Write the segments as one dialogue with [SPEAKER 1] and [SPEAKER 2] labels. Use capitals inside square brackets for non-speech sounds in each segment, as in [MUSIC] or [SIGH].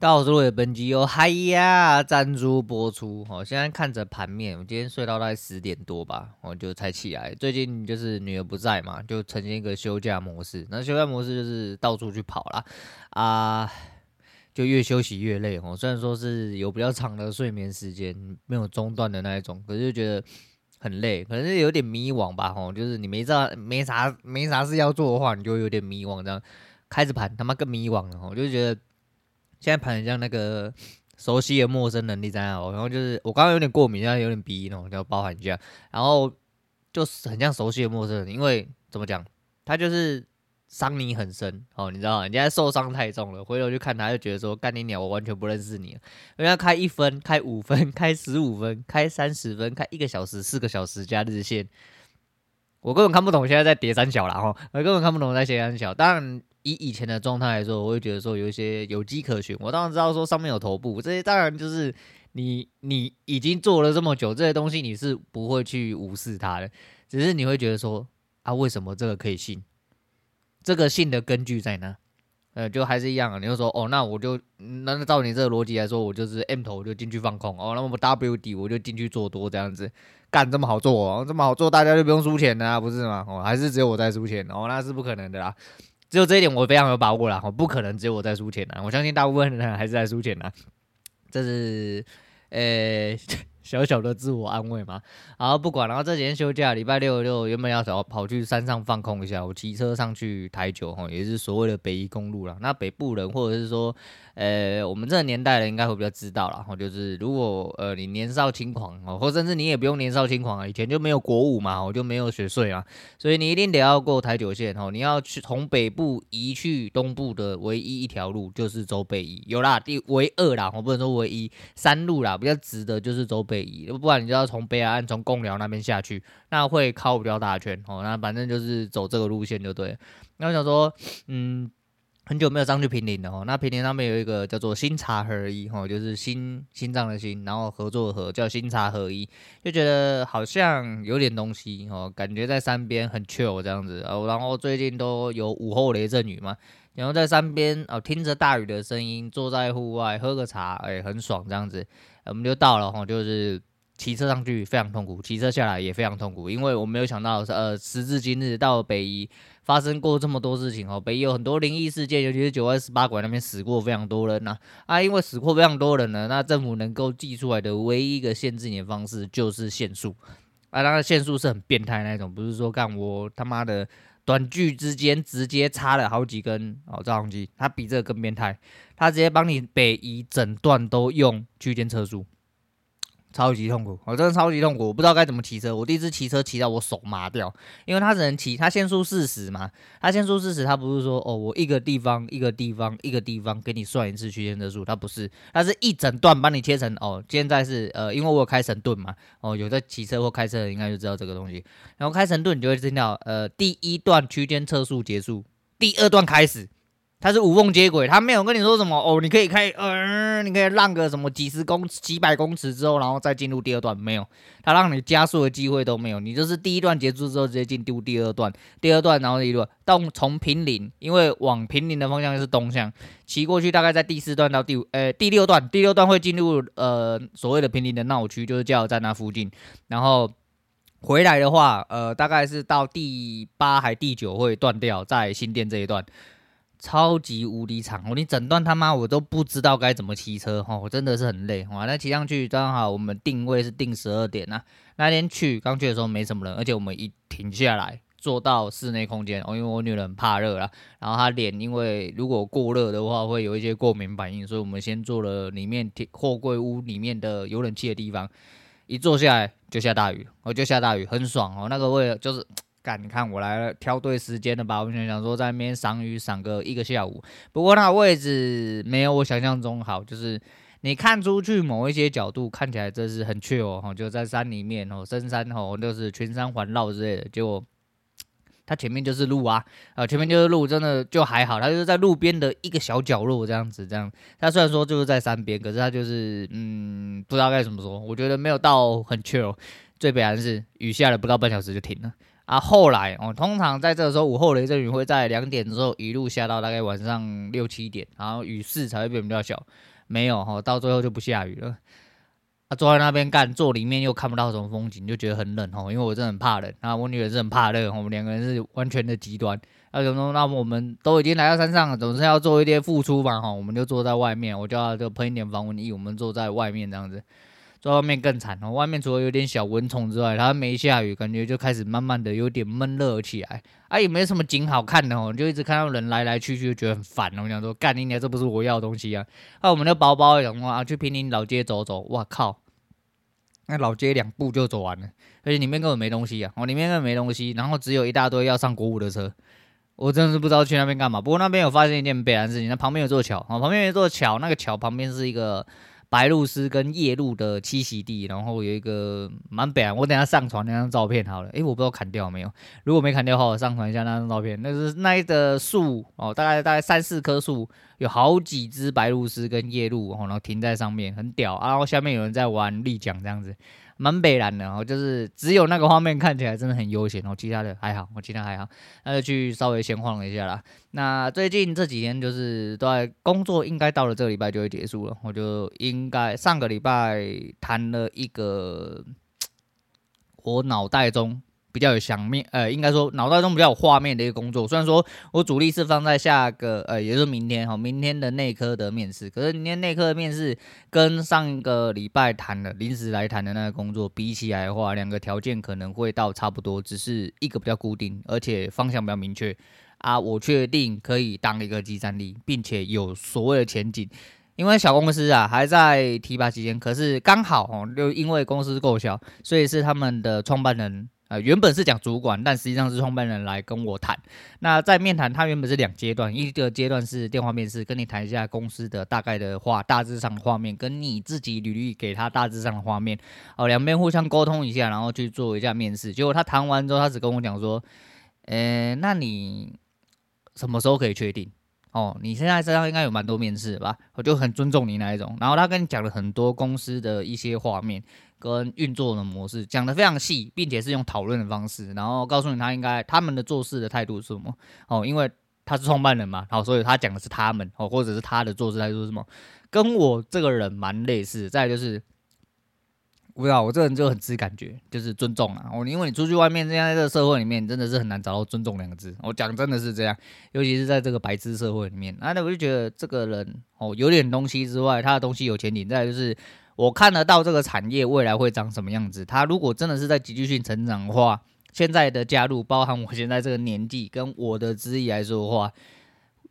[SPEAKER 1] 到時候也本集由嗨呀！贊助播出。哦。現在看着盤面，我今天睡到大概十點多吧，我、哦、就才起來。最近就是女兒不在嘛，就呈現一個休假模式。那休假模式就是到處去跑啦，啊，就越休息越累。哦，雖然說是有比較長的睡眠時間，沒有中斷的那一種，可是就覺得很累，可能是有點迷惘吧。吼、哦，就是你沒啥、沒啥、沒啥事要做的話，你就有點迷惘，這樣，開着盤，他媽更迷惘了。我、哦、就覺得。現在盤很像那個熟悉的陌生能力在哦，然後就是我剛剛有點過敏，現在有點鼻音哦，要包含一下，然後就是很像熟悉的陌生人，因為怎麼講，他就是傷你很深哦，你知道人家受傷太重了，回頭去看他就覺得說干你鳥，我完全不認識你。人家開一分，開五分，開十五分，開三十分，開一個小時、四個小時加日線，我根本看不懂，現在在疊三角啦，哈、哦，我根本看不懂在疊三角，但。以以前的狀態來說，我會覺得說有一些有機可循。我當然知道說上面有頭部，這些當然就是你你已經做了這麼久，這些東西你是不會去無視它的，只是你會覺得說啊，為什麼這個可以信？這個信的根據在哪？呃，就還是一樣，啊。你就說哦，那我就那那照你這個邏輯來說，我就是 M 頭我就進去放空哦，那麼 W 底我就進去做多這樣子，幹這麼好做，哦，這麼好做，大家就不用輸錢啦、啊，不是嗎？哦，還是只有我在輸錢哦，那是不可能的啦。只有這一點我非常有把握啦，我不可能只有我在輸錢吶、啊，我相信大部分人還是在輸錢吶、啊，這是呃。欸 [LAUGHS] 小小的自我安慰嘛，好，不管了。然後，這幾天休假，禮拜六六原本要跑跑去山上放空一下，我騎車上去台九哈，也是所謂的北宜公路了。那北部人或者是說，呃，我們這個年代的人應該會比較知道了哈，就是如果呃你年少輕狂哦，或甚至你也不用年少輕狂啊，以前就沒有國五嘛，我就沒有雪隧啦，所以你一定得要過台九線哦，你要去從北部移去東部的唯一一條路就是走北宜，有啦，第唯二啦，我不能說唯一，山路啦，比較直的就是走北。不然你就要從北海岸從貢寮那邊下去，那會靠不了大圈哦。那反正就是走這個路線就對。那我想說，嗯，很久沒有上去坪林了哦。那坪林上面有一個叫做心茶合一哦，就是心，心臟的心，然後合作的合叫心茶合一，就覺得好像有點東西哦，感覺在山邊很 chill 這樣子。然後最近都有午後雷陣雨嘛。然後在山邊哦，聽着大雨的聲音，坐在戶外喝個茶，哎，很爽這樣子。我、嗯、們就到了，吼、哦，就是騎車上去非常痛苦，騎車下來也非常痛苦，因為我沒有想到，呃，時至今日到北宜發生過這麼多事情，哦，北宜有很多靈異事件，尤其是九彎十八拐那邊死過非常多人吶、啊。啊，因為死過非常多人呢，那政府能夠祭出來的唯一一個限制你的方式就是限速，啊，當然限速是很變態的那種，不是說幹我他媽的。短距之間直接插了好幾根哦，照相機，它比這個更變態，它直接幫你北宜整段都用區間測速。超級痛苦，我、哦、真的超級痛苦，我不知道該怎麼騎車。我第一次騎車騎到我手麻掉，因為他只能騎，他限速四十嘛。他限速四十，他不是說哦，我一個地方一個地方一個地方給你算一次區間測速，他不是，他是一整段幫你切成哦。現在是呃，因為我有開神盾嘛，哦，有在騎車或開車的應該就知道這個東西。然後開神盾你就會聽到呃，第一段區間測速結束，第二段開始。它是無縫接軌，他沒有跟你說什麼哦，你可以開，呃，你可以讓個什麼幾十公幾百公尺之後，然後再進入第二段，沒有，他讓你加速的機會都沒有，你就是第一段結束之後直接進入第二段，第二段然後第一路到從坪林，因為往坪林的方向是東向，騎過去大概在第四段到第五呃、欸、第六段，第六段會進入呃所謂的坪林的鬧區，就是加油站那附近，然後回來的話，呃，大概是到第八還第九會斷掉，在新店這一段。超級無敵長，哦！你整段他媽我都不知道該怎麼騎車哈！我真的是很累。我來騎上去剛好，我們定位是定十二點那，啊，那天去剛去的時候沒什麼人，而且我們一停下來坐到室內空間哦，因為我女人很怕熱了。然後她臉因為如果過熱的話會有一些過敏反應，所以我們先坐了裡面鐵貨櫃屋裡面的有冷氣的地方。一坐下來就下大雨，我就下大雨很爽哦！那個味就是。幹，你看我來了，挑對時間了吧？我原想說在那邊賞雨賞個一個下午，不過那位置沒有我想象中好。就是你看出去某一些角度，看起來真是很 chill 哦，就在山裡面哦，深山哦，就是群山環繞之類的。結果它前面就是路啊，啊，前面就是路，真的就還好。它就是在路邊的一個小角落這樣子，這樣。它雖然說就是在山邊，可是它就是嗯，不知道該怎麼說，我覺得沒有到很 chill，最悲哀的是，雨下了不到半小時就停了。啊，後來我、哦、通常在這個時候，午後雷陣雨會在兩點之後一路下到大概晚上六七點，然後雨勢才會變比較小，沒有哈、哦，到最後就不下雨了。他、啊、坐在那邊乾，坐裡面又看不到什麼風景，就覺得很冷哈、哦，因為我真的很怕冷。後、啊、我女兒是很怕熱，我們兩個人是完全的極端。那什麼，那麼我們都已經來到山上了，總是要做一些付出吧。哈、哦，我們就坐在外面，我就要就噴一點防蚊液，我們坐在外面這樣子。在外面更慘哦，外面除了有點小蚊蟲之外，它沒下雨，感覺就開始慢慢的有點悶熱起來啊，也沒什麼景好看的哦，就一直看到人來來去去，就覺得很煩，我我想說，幹你娘，這不是我要的東西啊！那、啊、我們的包包也樣哇，去坪林老街走走，哇靠，那老街兩步就走完了，而且裡面根本沒東西啊，哦，裡面根本沒東西，然後只有一大堆要上國五的車，我真的是不知道去那邊幹嘛。不過那邊有發生一件別安事情，那旁邊有座橋，啊、哦，旁邊有一座橋，那個橋旁邊是一個。白鷺鷥跟夜鷺的棲息地，然後有一個蠻北我等一下上傳那張照片好了。誒、欸，我不知道砍掉沒有？如果沒砍掉的話，我上傳一下那張照片。那是那的樹哦，大概大概三四棵樹，有好幾隻白鷺鷥跟夜鷺哦、喔，然後停在上面，很屌。然後下面有人在玩立槳這樣子。蠻北然的，然後就是只有那個畫面看起來真的很悠閒，我其他的還好，我其他還好，那就去稍微閒晃了一下啦，那最近這幾天就是都在工作，應該到了這個禮拜就會結束了，我就應該上個禮拜談了一個，我腦袋中比較有想面，呃，應該說腦袋中比較有畫面的一個工作。雖然說我主力是放在下個，呃，也就是明天哈，明天的內科的面試。可是明天內科的面試跟上一個禮拜談的、臨時來談的那個工作比起來的話，兩個條件可能會到差不多，只是一個比較固定，而且方向比較明確啊。我確定可以當一個即戰力，並且有所謂的前景，因為小公司啊還在提拔期間。可是剛好哦，就因為公司夠小，所以是他們的創辦人。呃，原本是講主管，但實際上是創辦人來跟我談。那在面談，他原本是兩階段，一個階段是電話面試，跟你談一下公司的大概的畫，大致上的畫面，跟你自己履歷給他大致上的畫面，哦、呃，兩邊互相溝通一下，然後去做一下面試。結果他談完之後，他只跟我講說，呃、欸，那你什麼時候可以確定？哦，你現在身上應該有蠻多面試吧？我就很尊重你那一種。然後他跟你講了很多公司的一些畫面。跟運作的模式講得非常細，並且是用討論的方式，然後告訴你他應該他們的做事的態度是什麼哦，因為他是創辦人嘛，然後所以他講的是他們哦，或者是他的做事態度是什麼，跟我這個人蠻類似。再就是，我知道我這個人就很知感覺，就是尊重啊我、哦、因為你出去外面這樣在，在這個社會裡面，真的是很難找到尊重兩個字。我、哦、講真的是這樣，尤其是在這個白痴社會裡面啊，那我就覺得這個人哦有點東西之外，他的東西有前景。再就是。我看得到這個產業未來會長什麼樣子。它如果真的是在急劇性成長的話，現在的加入，包含我現在這個年紀跟我的資歷來說的話，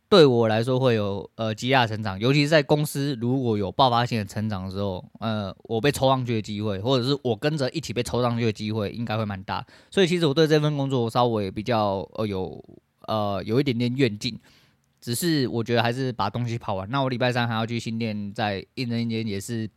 [SPEAKER 1] 對我來說會有呃極大成長。尤其是在公司如果有爆發性的成長的時候，呃，我被抽上去的機會，或者是我跟着一起被抽上去的機會，應該會蠻大。所以其實我對這份工作稍微比較呃有呃有一點點願景，只是我覺得還是把東西跑完。那我禮拜三還要去新店，在一年一年也是。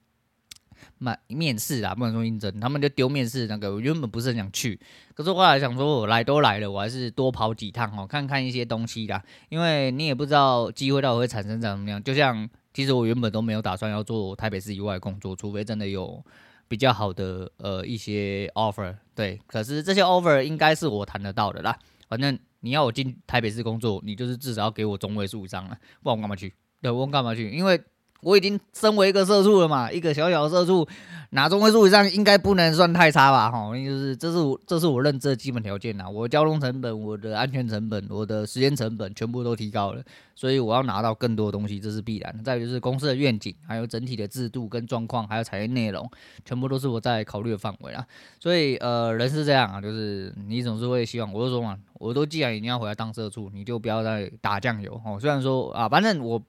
[SPEAKER 1] 面面試啊，不能說應徵他們就丟面試那個。我原本不是很想去，可是後來想說，我來都來了，我還是多跑幾趟哦，看看一些東西啦。因為你也不知道機會到底會產生長什麼樣。就像其實我原本都沒有打算要做台北市以外的工作，除非真的有比較好的呃一些 offer 對。可是這些 offer 應該是我談得到的啦。反正你要我進台北市工作，你就是至少要給我中位數以上了，不然我幹嘛去？對，我幹嘛去？因為我已經身為一個社畜了嘛，一個小小的社畜拿中位數以上應該不能算太差吧？吼，就是這是我這是我認知的基本條件吶。我交通成本、我的安全成本、我的時間成本全部都提高了，所以我要拿到更多的東西，這是必然。再就是公司的願景，還有整體的制度跟狀況，還有產業內容，全部都是我在考慮的範圍啊。所以呃，人是這樣啊，就是你總是會希望。我就說嘛，我都既然已經要回來當社畜，你就不要再打醬油哦。雖然說啊，反正我。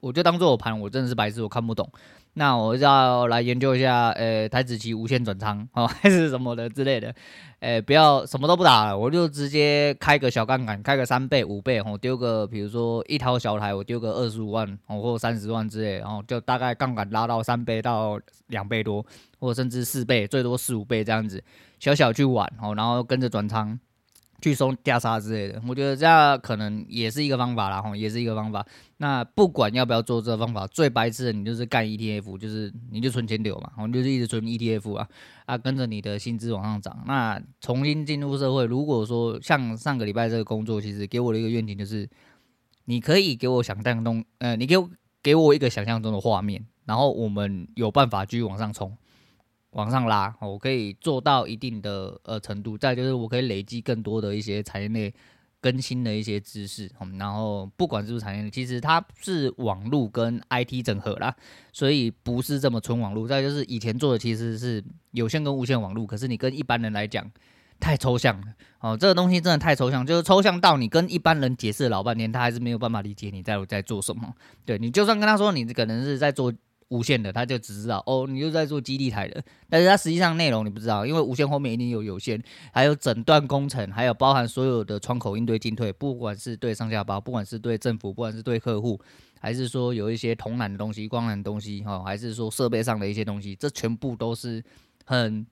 [SPEAKER 1] 我就當做我盤，我真的是白痴，我看不懂。那我要來研究一下，呃，台指期無限轉倉哦，還是什麼的之類的。哎、呃，不要什麼都不打了，我就直接開個小槓桿，開個三倍、五倍哦，丟個比如說一條小台，我丟個二十五萬哦，或三十萬之類，然後就大概槓桿拉到三倍到兩倍多，或甚至四倍，最多四五倍這樣子，小小去玩哦，然後跟着轉倉。去送調查之類的，我覺得這樣可能也是一個方法啦，吼，也是一個方法。那不管要不要做這個方法，最白痴的你就是幹 ETF，就是你就存錢流嘛，吼，就是一直存 ETF 啊啊，跟着你的薪資往上漲。那重新進入社會，如果說像上個禮拜這個工作，其實給我的一個願景就是，你可以給我想象中，呃，你給我給我一個想象中的畫面，然後我們有辦法繼續往上衝。往上拉，我可以做到一定的呃程度。再就是我可以累積更多的一些產業鏈更新的一些知識。然後不管是不是產業鏈，其實它是網絡跟 IT 整合，啦，所以不是這麼純網絡。再就是以前做的其實是有線跟無線網絡，可是你跟一般人來講太抽象了哦，這個東西真的太抽象，就是抽象到你跟一般人解釋老半天，他還是沒有辦法理解你在在做什麼。對，你就算跟他說，你可能是在做。無線的，他就只知道哦，你又在做基地台的，但是它實際上內容你不知道，因為無線後面一定有有線，還有整段工程，還有包含所有的窗口應對進退，不管是對上下包，不管是對政府，不管是對客戶，還是說有一些銅纜的東西、光纜的東西哈、哦，還是說設備上的一些東西，這全部都是很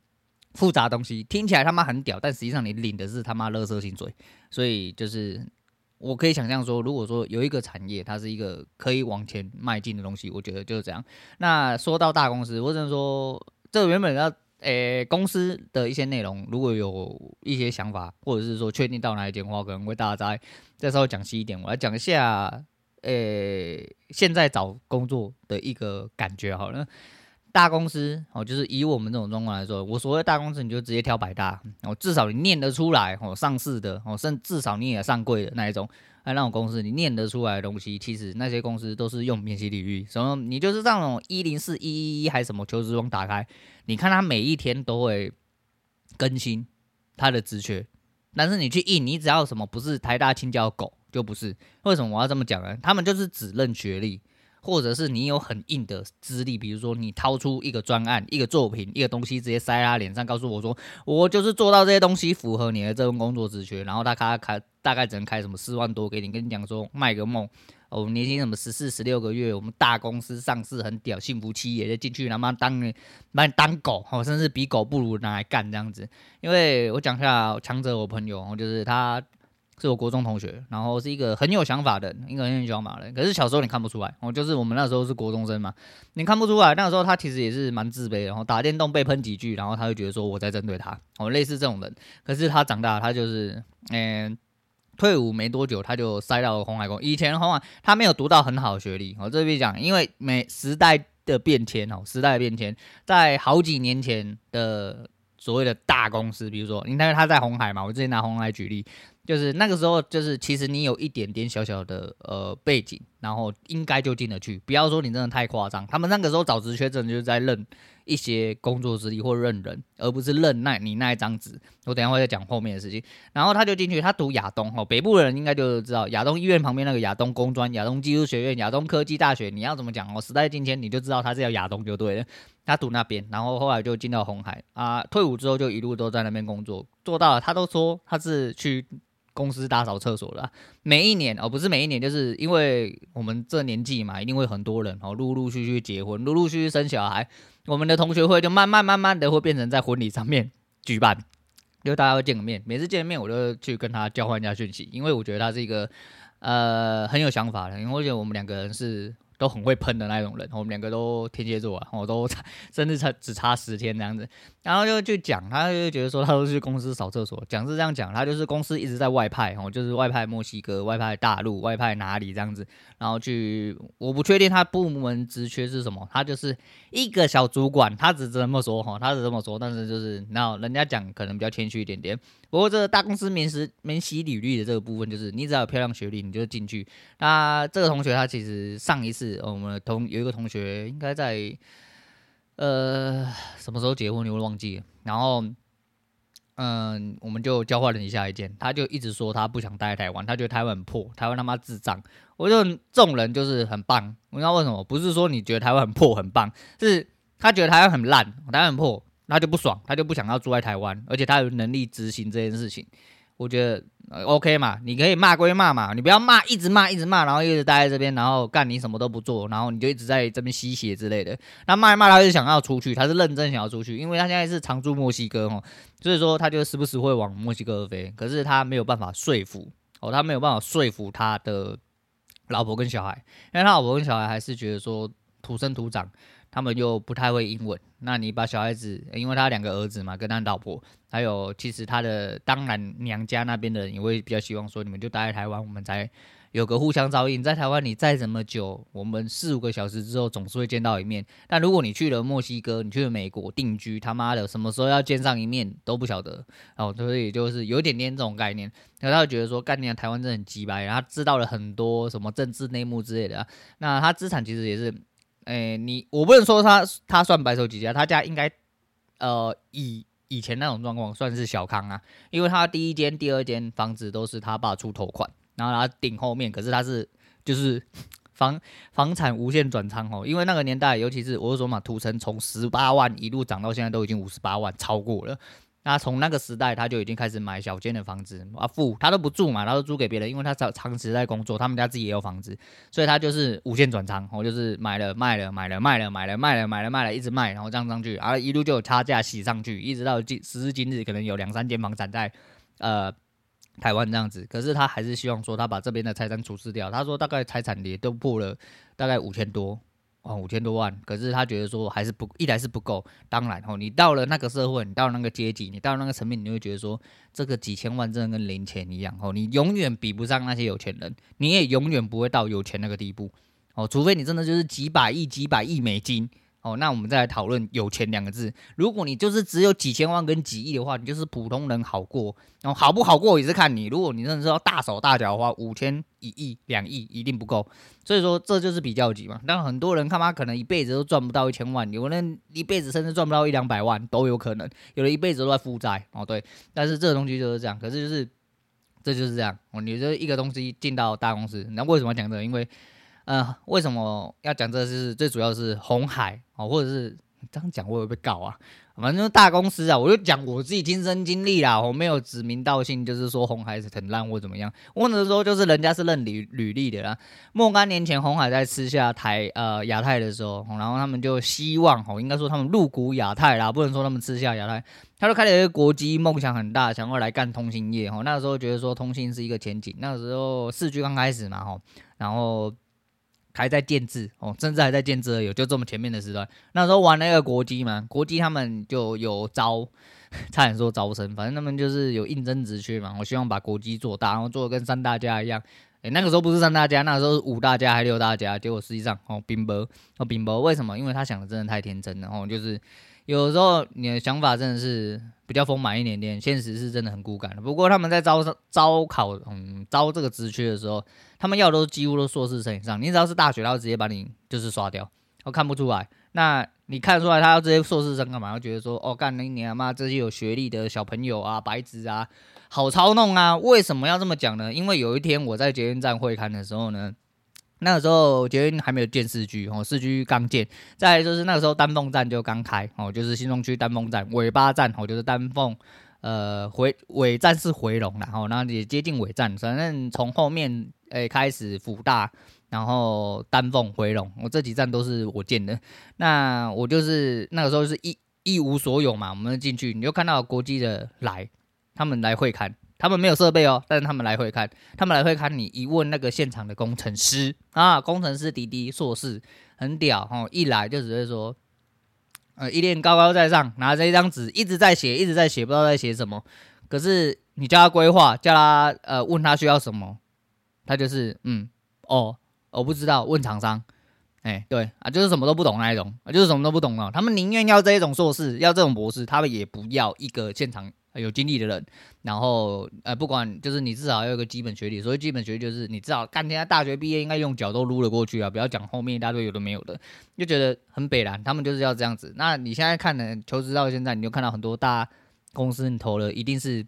[SPEAKER 1] 複雜的東西，聽起來他媽很屌，但實際上你領的是他媽垃圾薪水，所以就是。我可以想象說，如果說有一個產業，它是一個可以往前邁進的東西，我覺得就是這樣。那說到大公司，我只能說，這個、原本的誒、欸，公司的一些內容，如果有一些想法，或者是說確定到哪一點的話，可能會大家再再稍微講細一點。我來講一下，誒、欸，現在找工作的一個感覺好了。大公司哦，就是以我們這種狀況來說，我所謂大公司，你就直接挑百大哦，至少你念得出來哦，上市的哦，甚至,至少你也上櫃的那一種，哎、那種公司你念得出來的東西，其實那些公司都是用免洗履歷，什麼你就是那種一零四一一一還是什麼求職網打開，你看他每一天都會更新他的職缺，但是你去印，你只要什麼不是台大清狗、清交、狗就不是。為什麼我要這麼講呢？他們就是只認學歷。或者是你有很硬的資歷，比如說你掏出一個專案、一個作品、一個東西，直接塞他臉上，告訴我說我就是做到這些東西符合你的這份工作職缺，然後他開開大概只能開什麼四萬多給你，跟你講說賣個夢。哦，年薪什麼十四、十六個月，我們大公司上市很屌，幸福期也就進去，然後當把你當狗，甚至比狗不如拿來幹這樣子。因為我講一下強者，我朋友就是他。是，我國中同學，然後是一個很有想法的人，一個很有想法的人。可是小時候你看不出來，哦，就是我們那時候是國中生嘛，你看不出來。那個時候他其實也是蠻自卑的，然後打電動被噴幾句，然後他就覺得說我在針對他，哦，類似這種人。可是他長大了，他就是，嗯、欸，退伍沒多久，他就塞到了鴻海工。以前鴻海他沒有讀到很好的學歷，我這邊講，因為每時代的變遷哦，時代的變遷，在好幾年前的所謂的大公司，比如說，你看他在鴻海嘛，我之前拿鴻海舉例。就是那個時候，就是其實你有一點點小小的呃背景，然後應該就進得去。不要說你真的太誇張。他們那個時候找職缺，真的就是在認一些工作資歷或認人，而不是認那你那一張紙。我等一下會再講後面的事情。然後他就進去，他讀亞東哦，北部的人應該就知道亞東醫院旁邊那個亞東工專、亞東技術學院、亞東科技大學。你要怎麼講哦？時代變遷，你就知道他是叫亞東就對了。他讀那邊，然後後來就進到紅海啊，退伍之後就一路都在那邊工作，做到了。他都說他是去。公司打掃廁所了。啊，每一年哦，不是每一年，就是因為我們這年紀嘛，一定會很多人哦，陸陸續續結婚，陸陸續續生小孩，我們的同學會就慢慢慢慢的會變成在婚禮上面舉辦，就大家會見個面，每次見個面，我就去跟他交換一下訊息，因為我覺得他是一個，呃，很有想法的，因為我覺得我們兩個人是。都很會噴的那種人，我們兩個都天蠍座啊，我都差，甚至差只差十天這樣子，然後就就講，他就覺得說他都去公司掃廁所，講是這樣講，他就是公司一直在外派哦，就是外派墨西哥、外派大陸、外派哪裡這樣子，然後去，我不確定他部門職缺是什麼，他就是一個小主管，他只這麼說哈，他只這麼說，但是就是然後人家講可能比較謙虛一點點，不過這個大公司免時免洗履歷的這個部分就是你只要有漂亮學歷你就進去，那這個同學他其實上一次。哦、我們同有一個同學應，應該在呃什麼時候結婚？你又忘記了？然後，嗯，我們就交換了一下意見，他就一直說他不想待在台灣，他覺得台灣很破，台灣他媽智障。我就這種人就是很棒。我知道為什麼？不是說你覺得台灣很破很棒，是他覺得台灣很爛，台灣很破，他就不爽，他就不想要住在台灣，而且他有能力執行這件事情。我覺得 OK 嘛，你可以罵歸罵嘛，你不要罵，一直罵，一直罵，然後一直待在這邊，然後幹你什麼都不做，然後你就一直在這邊吸血之類的。他罵一罵，他就想要出去，他是認真想要出去，因為他現在是常駐墨西哥哦，所以說他就是時不時會往墨西哥而飛。可是他沒有辦法說服哦，他沒有辦法說服他的老婆跟小孩，因為他老婆跟小孩還是覺得說土生土長。他們就不太會英文。那你把小孩子，欸、因為他兩個兒子嘛，跟他老婆，還有其實他的當然娘家那邊的人也會比較希望說，你們就待在台灣，我們才有個互相照應。在台灣你再怎麼久，我們四五個小時之後總是會見到一面。但如果你去了墨西哥，你去了美國定居，他媽的什麼時候要見上一面都不曉得。哦，所以就是有一點點這種概念。那他會覺得說，幹娘台灣真的很雞掰，然後知道了很多什麼政治內幕之類的、啊。那他資產其實也是。誒、欸，你，我不能說他，他算白手起家，他家應該，呃，以以前那種狀況算是小康啊，因為他第一間、第二間房子都是他爸出頭款，然後他頂後面，可是他是就是房房產無限轉倉哦，因為那個年代，尤其是我是說嘛，土城從十八萬一路漲到現在都已經五十八萬，超過了。他從那個時代，他就已經開始買小間的房子啊，付他都不住嘛，然後租給別人，因為他長長時在工作，他們家自己也有房子，所以他就是無限轉倉，我就是買了賣了買了賣了買了賣了買了賣了，一直賣，然後這樣上去，而一路就有差價洗上去，一直到今時至今日，可能有兩三間房產在，呃，台灣這樣子，可是他還是希望說他把這邊的財產處置掉，他說大概財產也都破了，大概五千多。哦，五千多萬，可是他覺得說還是不，一來是不夠。當然哦，你到了那個社會，你到了那個階級，你到那個層面，你就會覺得說，這個幾千萬真的跟零錢一樣哦，你永遠比不上那些有錢人，你也永遠不會到有錢那個地步哦，除非你真的就是幾百億、幾百億美金。哦，那我們再來討論“有錢”兩個字。如果你就是只有幾千萬跟幾億的話，你就是普通人好過。然、嗯、後好不好過也是看你。如果你真的是要大手大腳的話，五千、一億、兩億一定不夠。所以說這就是比較級嘛。但很多人看他媽可能一輩子都賺不到一千萬，有人一輩子甚至賺不到一兩百萬都有可能，有人一輩子都在負債。哦，對。但是這個東西就是這樣，可是就是這就是這樣。哦，你這一個東西進到大公司，那為什麼要講這個？因為。嗯、呃，為什麼要講這，是最主要是鴻海哦，或者是這樣講，我會不會被告啊？反正就是大公司啊，我就講我自己親身經歷啦，我沒有指名道姓，就是說鴻海是很爛或怎麼樣。我問的時候就是人家是認履履歷的啦。若干年前，鴻海在吃下台呃亞太的時候，然後他們就希望哦，應該說他們入股亞太啦，不能說他們吃下亞太，他就開了一個國際，夢想很大，想要來幹通信業哦。那時候覺得說，通信是一個前景，那時候四 G 剛開始嘛吼，然後。還在建制哦，甚至還在建制而已，就這麼前面的時段。那時候玩那個國際嘛，國際他們就有招，差點說招生，反正他們就是有應徵職缺嘛。我希望把國際做大，然後做得跟三大家一樣。誒、欸，那個時候不是三大家，那個、時候是五大家還六大家。結果實際上哦，兵伯哦，兵伯為什麼？因為他想的真的太天真了，哦，就是。有時候你的想法真的是比較豐滿一點點，現實是真的很骨感的。不過他們在招招考，嗯，招這個職缺的時候，他們要的都幾乎都碩士生以上。你只要是大學，他直接把你就是刷掉。我、哦、看不出來，那你看出來他要這些碩士生幹嘛？我覺得說，哦，幹你你阿嬤這些有學歷的小朋友啊，白紙啊，好操弄啊。為什麼要這麼講呢？因為有一天我在捷運站會刊的時候呢。那個時候捷運還沒有建四居哦，四居剛建。再來就是那個時候丹鳳站就剛開哦，就是新中區丹鳳站尾巴站，我就是丹鳳呃回尾，尾站是回龍，然後那也接近尾站，反正從後面誒、欸、開始輔大，然後丹鳳回龍，我這幾站都是我建的。那我就是那個時候就是一一無所有嘛，我們進去你就看到國際的來，他們來會勘。他們沒有設備哦，但是他們來回看，他們來回看，你一問那個現場的工程師是啊，工程師滴滴碩士很屌哦，一來就只會說，呃一臉高高在上，拿着一張紙一直在寫一直在寫，不知道在寫什麼。可是你叫他規劃，叫他呃問他需要什麼，他就是嗯哦我不知道，問廠商，哎對啊，就是什麼都不懂那一種、啊，就是什麼都不懂啊。他們寧願要這一種碩士，要這種博士，他們也不要一個現場。呃、有經歷的人，然後呃，不管就是你至少要有個基本學歷，所謂基本學歷就是你至少幹現在大學畢業應該用腳都擼了過去啊，不要講後面一大堆有的沒有的，就覺得很北爛，他們就是要這樣子。那你現在看呢，求職到現在你就看到很多大公司，你投了一定是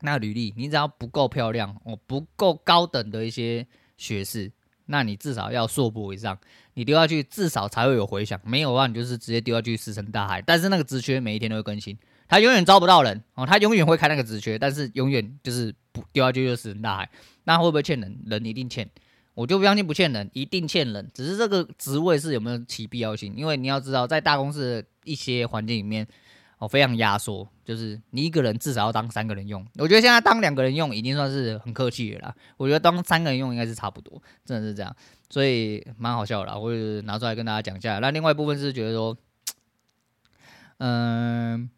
[SPEAKER 1] 那個履歷，你只要不夠漂亮，我、哦、不夠高等的一些學士，那你至少要碩博以上，你丟下去至少才會有回響，沒有的話你就是直接丟下去石沉大海。但是那個職缺每一天都會更新。他永遠招不到人哦，他永遠會開那個職缺，但是永遠就是不丟下去就死人大海，那會不會欠人？人一定欠，我就不相信不欠人，一定欠人。只是這個職位是有沒有其必要性？因為你要知道，在大公司的一些環境裡面哦，非常壓縮，就是你一個人至少要當三個人用。我覺得現在當兩個人用已經算是很客氣的啦，我覺得當三個人用應該是差不多，真的是這樣，所以蠻好笑的啦，我就拿出來跟大家講一下。那另外一部分是覺得說，嗯。呃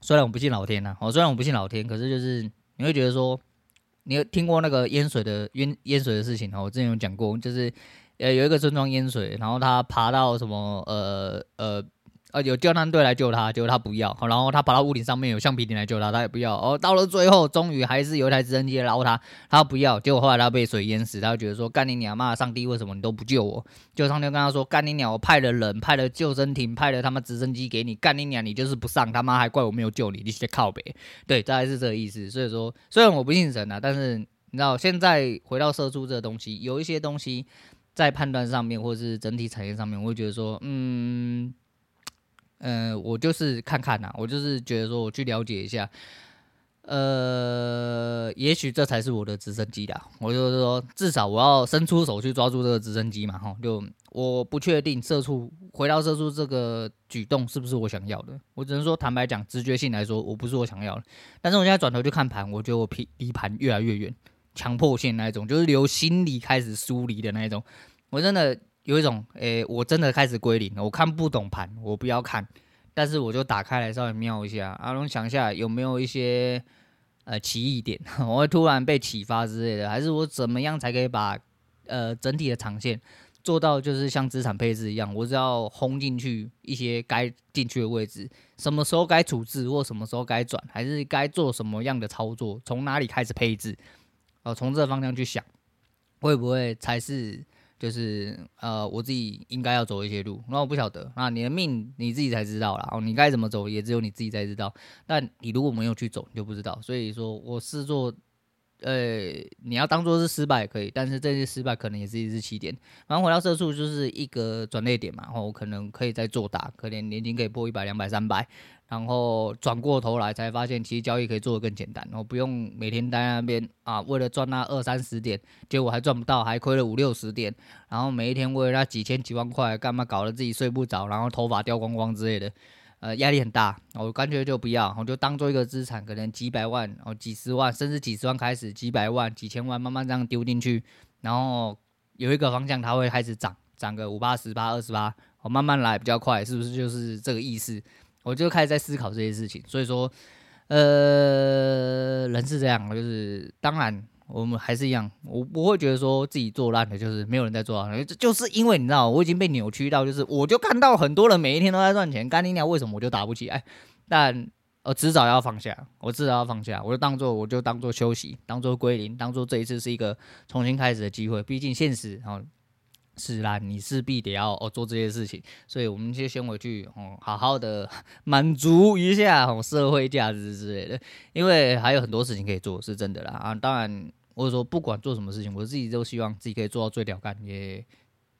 [SPEAKER 1] 雖然我不信老天吶，啊，哦，雖然我不信老天，可是就是你會覺得說，你有聽過那個淹水的、淹淹水的事情哦，我之前有講過，就是呃有一個村莊淹水，然後他爬到什麼呃呃。呃呃、啊，有救難隊來救他，結果他不要。好、哦，然後他跑到屋頂上面，有橡皮艇來救他，他也不要。哦，到了最後，終於還是有一台直升機撈他，他不要。結果後來他被水淹死，他就覺得說：“幹你娘媽！媽上帝為什麼你都不救我？”就上帝就跟他說：“幹你娘，我派了人，派了救生艇，派了他媽直升機給你。幹你娘，你就是不上，他媽還怪我沒有救你，你直接靠北。”對，大概是這個意思。所以說，雖然我不信神啊，但是你知道，現在回到社畜這個東西，有一些東西在判斷上面，或是整體產業上面，我會覺得說，嗯。嗯、呃，我就是看看吶，我就是覺得說我去了解一下，呃，也許這才是我的直升機的。我就是說，至少我要伸出手去抓住這個直升機嘛齁。就我不確定社畜回到社畜這個舉動是不是我想要的，我只能說坦白講，直覺性來說，我不是我想要的。但是我現在轉頭去看盤，我覺得我離離盤越來越遠，強迫性那一種，就是由心理開始疏離的那一種，我真的。有一種誒、欸，我真的開始歸零了。我看不懂盤，我不要看，但是我就打開來稍微瞄一下。阿、啊、龍想一下，有沒有一些呃奇異點，我會突然被啟發之類的？還是我怎麼樣才可以把呃整體的長線做到就是像資產配置一樣？我只要轟進去一些該進去的位置，什麼時候該處置或什麼時候該轉，還是該做什麼樣的操作？從哪裡開始配置？哦、呃，從這個方向去想，會不會才是？就是呃，我自己應該要走一些路，那我不曉得，那你的命你自己才知道了，你該怎麼走，也只有你自己才知道。但你如果沒有去走，你就不知道。所以說，我是做。呃、欸，你要當做是失敗也可以，但是這些失敗可能也是一次起點。然後回到色素就是一個轉捩點嘛，然後我可能可以再做大，可能年金可以破一百、兩百、三百，然後轉過頭來才發現，其實交易可以做得更簡單，然後不用每天待在那邊啊，為了賺那二三十點，結果還賺不到，還虧了五六十點，然後每一天為了那幾千幾萬塊，幹嘛搞得自己睡不着，然後頭髮掉光光之類的。呃，壓力很大，我乾脆就不要，我就當做一個資產，可能幾百萬，哦，幾十萬，甚至幾十萬開始，幾百萬、幾千萬，慢慢這樣丟進去，然後有一個方向，它會開始漲，漲個五趴、十趴、二十趴，我、哦、慢慢來比較快，是不是就是這個意思？我就開始在思考這些事情，所以說，呃，人是這樣，就是當然。我們還是一樣，我不會覺得說自己做爛了，就是沒有人在做啊，這就是因為你知道，我已經被扭曲到，就是我就看到很多人每一天都在賺錢，幹你娘為什麼我就打不起？哎，但呃、哦，遲早要放下，我遲早要放下，我就當做我就當做休息，當做歸零，當做這一次是一個重新開始的機會。畢竟現實哦是啦，你勢必得要哦做這些事情，所以我們就先回去，哦好好的滿足一下哦社會價值之類的，因為還有很多事情可以做，是真的啦啊，當然。我就說，不管做什麼事情，我自己都希望自己可以做到最了干也。Yeah.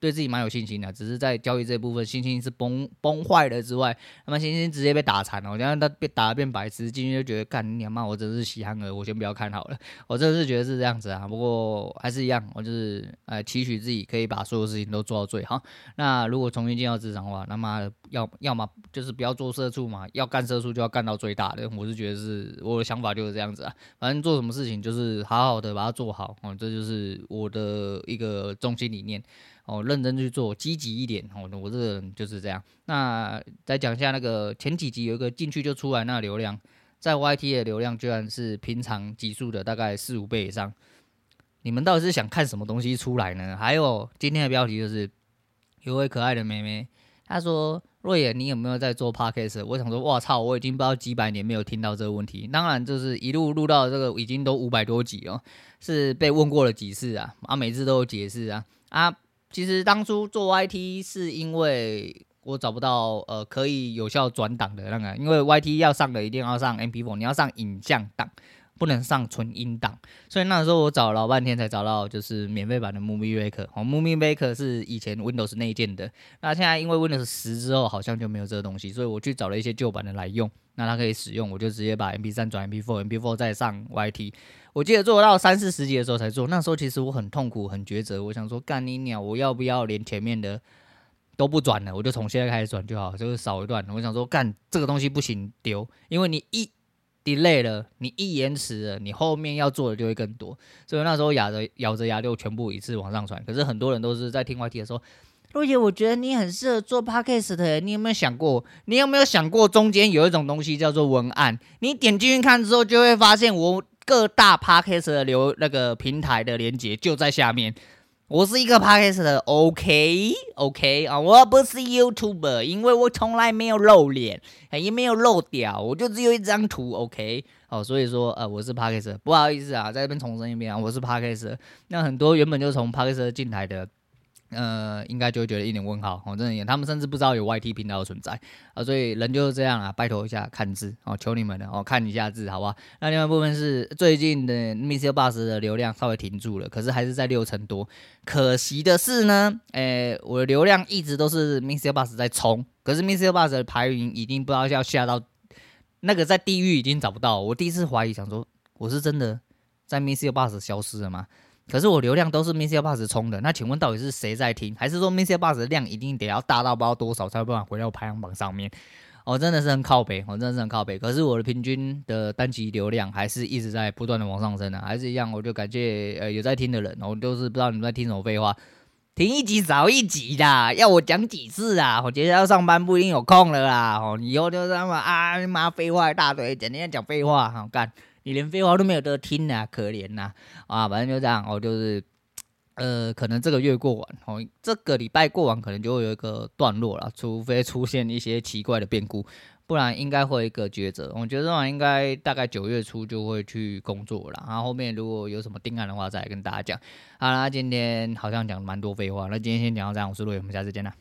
[SPEAKER 1] 對自己蠻有信心的，只是在交易這部分信心是崩崩壞了之外，那麼信心直接被打殘了。我講他被打的變白痴，進去就覺得，幹你媽我真是喜憨兒了，我先不要看好了，我真的是覺得是這樣子啊。不過還是一樣，我就是呃，期許自己可以把所有事情都做到最好。那如果重新進到職場的話，那麼要要麼就是不要做社畜嘛，要幹社畜就要幹到最大的。我是覺得是我的想法就是這樣子啊，反正做什麼事情就是好好的把它做好啊，嗯，這就是我的一個中心理念。哦，認真去做，積極一點哦。我我這個人就是這樣。那再講一下那個前幾集有一個進去就出來的那個流量，在 YT 的流量居然是平常集數的大概四五倍以上。你們到底是想看什麼東西出來呢？還有今天的標題就是，有位可愛的妹妹她說：“若野，你有沒有在做 Podcast？” 我想說，我操，我已經不知道幾百年沒有聽到這個問題。當然，就是一路錄到這個已經都五百多集哦，是被問過了幾次啊，啊，每次都有解釋啊，啊。其實當初做 YT 是因為我找不到呃可以有效轉檔的那個，因為 YT 要上的一定要上 MP4，你要上影像檔，不能上純音檔。所以那時候我找了老半天才找到，就是免費版的 Movie Maker。好 Movie Maker 是以前 Windows 內建的，那現在因為 Windows 十之後好像就沒有這個東西，所以我去找了一些舊版的來用。那它可以使用，我就直接把 MP3 轉 MP4，MP4 再上 YT。我記得做到三四十集的時候才做，那時候其實我很痛苦、很抉擇。我想說，幹你鳥，我要不要連前面的都不轉了？我就從現在開始轉就好，就是少一段。我想說，幹這個東西不行，丟。因為你一 delay 了，你一延遲了，你後面要做的就會更多。所以那時候咬着咬着牙，就全部一次往上傳。可是很多人都是在聽 YT 的時候，陸爺，我覺得你很適合做 podcast 的，你有沒有想過？你有沒有想過中間有一種東西叫做文案？你點進去看之後，就會發現我。各大 podcast 的流那個平台的連接就在下面。我是一個 podcast 的，OK? OK 啊，我不是 YouTuber，因為我從來沒有露臉，也沒有露屌，我就只有一張圖，OK。哦，所以說呃，我是 podcast。不好意思啊，在這邊重申一遍啊，我是 podcast。那很多原本就從 podcast 進來的。呃，應該就會覺得一點問號，我、喔、真的也，他們甚至不知道有 YT 頻道的存在啊、喔，所以人就是這樣啊，拜托一下看字哦、喔，求你們了哦、喔，看一下字好不好？那另外一部分是最近的 MixerBox 的流量稍微停住了，可是還是在六成多。可惜的是呢，誒、欸，我的流量一直都是 MixerBox 在衝，可是 MixerBox 的排名已經不知道要下到那個在地獄已經找不到。我第一次懷疑想說，我是真的在 MixerBox 消失了嗎？可是我流量都是 MixerBox 充的，那請問到底是誰在聽？還是說 MixerBox 的量一定得要大到不知道多少才有可能回到排行榜上面？我、哦、真的是很靠北，我、哦、真的是很靠北。可是我的平均的單集流量還是一直在不斷的往上升的、啊，還是一樣，我就感覺呃有在聽的人。我、哦、就是不知道你們在聽什麼廢話，聽一集少一集的，要我講幾次啊？我覺得要上班，不一定有空了啦。哦，以後就是他啊，你媽廢話一大堆，整天講廢話，好、哦、幹。你連廢話都沒有得聽啊可憐吶、啊，啊，反正就這樣我、哦、就是，呃，可能這個月過完，哦，這個禮拜過完，可能就會有一個段落了，除非出現一些奇怪的變故，不然應該會有一個抉擇。我、哦、覺得這種應該大概九月初就會去工作了啦，然、啊、後後面如果有什麼定案的話，再來跟大家講。好、啊、啦，今天好像講蠻多廢話，那今天先講到這樣，我是 Roy，我們下次見啦。